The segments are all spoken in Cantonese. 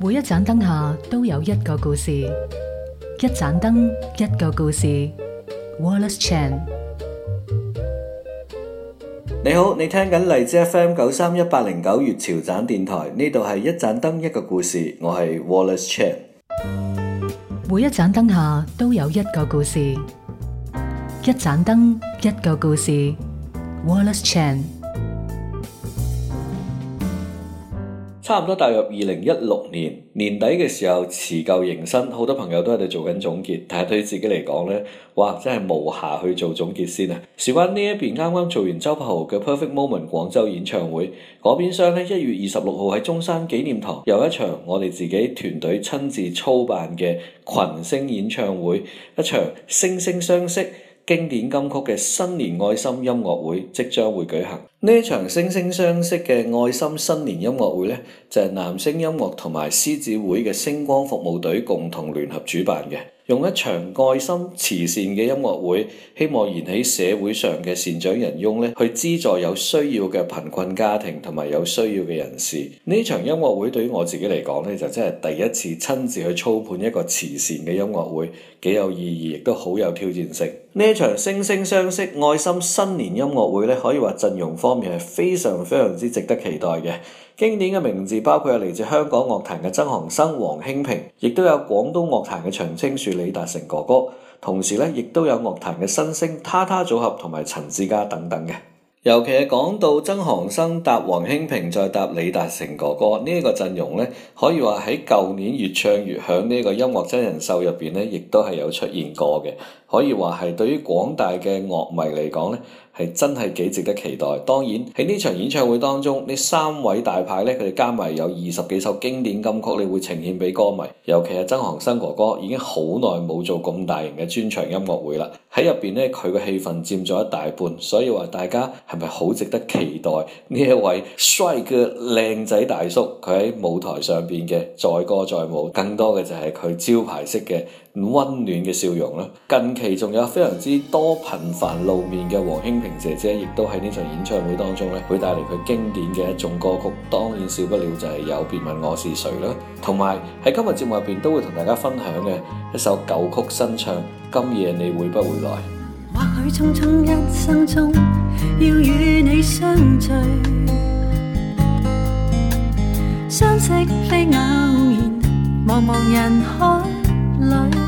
每一盞燈下都有一個故事，一盞燈一個故事。Wallace Chan，你好，你聽緊荔枝 FM 九三一八零九月潮盞電台。呢度係一盞燈一個故事，我係 Wallace Chan。每一盞燈下都有一個故事，一盞燈一個故事。Wallace Chan。差唔多大約二零一六年年底嘅時候持久，辭舊迎新，好多朋友都喺度做緊總結。但係對自己嚟講呢哇！真係無暇去做總結先啊。事關呢一邊啱啱做完周柏豪嘅 Perfect Moment 廣州演唱會，嗰邊廂呢，一月二十六號喺中山紀念堂有一場我哋自己團隊親自操辦嘅群星演唱會，一場惺惺相惜。經典金曲嘅新年愛心音樂會即將會舉行，呢一場惺惺相惜嘅愛心新年音樂會呢，就係、是、南星音樂同埋獅子會嘅星光服務隊共同聯合主辦嘅。用一場愛心慈善嘅音樂會，希望燃起社會上嘅善長人翁咧，去資助有需要嘅貧困家庭同埋有需要嘅人士。呢場音樂會對於我自己嚟講咧，就真係第一次親自去操盤一個慈善嘅音樂會，幾有意義，亦都好有挑戰性。呢場惺惺相惜愛心新年音樂會咧，可以話陣容方面係非常非常之值得期待嘅。經典嘅名字包括有嚟自香港樂壇嘅曾航生、黃興平，亦都有廣東樂壇嘅長青樹李達成哥哥，同時咧亦都有樂壇嘅新星他她組合同埋陳志嘉等等嘅。尤其係講到曾航生搭黃興平再搭李達成哥哥，這個，陣呢一個陣容咧，可以話喺舊年越唱越響呢個音樂真人秀入邊咧，亦都係有出現過嘅，可以話係對於廣大嘅樂迷嚟講咧。係真係幾值得期待。當然喺呢場演唱會當中，呢三位大牌咧，佢哋加埋有二十幾首經典金曲，你會呈現俾歌迷。尤其係曾航生哥哥已經好耐冇做咁大型嘅專場音樂會啦。喺入邊咧，佢嘅戲份佔咗一大半，所以話大家係咪好值得期待呢一位帥嘅靚仔大叔佢喺舞台上邊嘅載歌載舞，更多嘅就係佢招牌式嘅。溫暖嘅笑容啦，近期仲有非常之多頻繁露面嘅王馨平姐姐，亦都喺呢場演唱會當中咧，會帶嚟佢經典嘅一種歌曲，當然少不了就係有別問我是誰咯，同埋喺今日節目入邊都會同大家分享嘅一首舊曲新唱，今夜你會不會來。或許匆匆一生中，要與你相聚，相識非偶然，茫茫人海裡。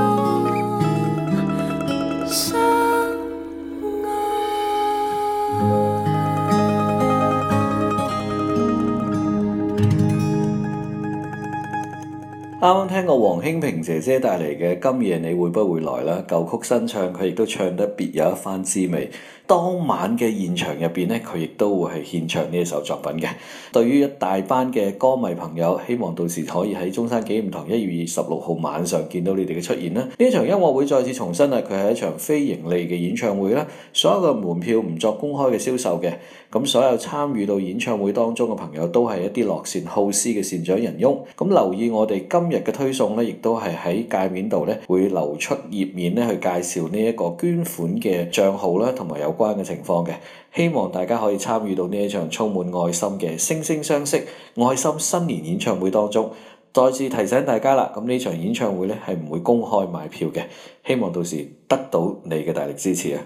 啱啱聽過黃興平姐姐帶嚟嘅《今夜你會不會來》啦，舊曲新唱，佢亦都唱得別有一番滋味。當晚嘅現場入邊咧，佢亦都會係獻唱呢一首作品嘅。對於一大班嘅歌迷朋友，希望到時可以喺中山紀念堂一月二十六號晚上見到你哋嘅出現啦。呢場音樂會再次重申啊，佢係一場非盈利嘅演唱會啦，所有嘅門票唔作公開嘅銷售嘅。咁所有參與到演唱會當中嘅朋友，都係一啲樂善好施嘅善長人翁。咁留意我哋今日嘅推送呢亦都係喺界面度呢會留出頁面呢去介紹呢一個捐款嘅賬號啦，同埋有關嘅情況嘅。希望大家可以參與到呢一場充滿愛心嘅惺惺相惜愛心新年演唱會當中。再次提醒大家啦，咁呢場演唱會呢，係唔會公開買票嘅。希望到時得到你嘅大力支持啊！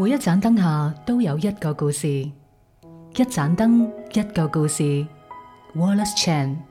每一盞燈下都有一個故事，一盞燈，一個故事。Wallace Chan。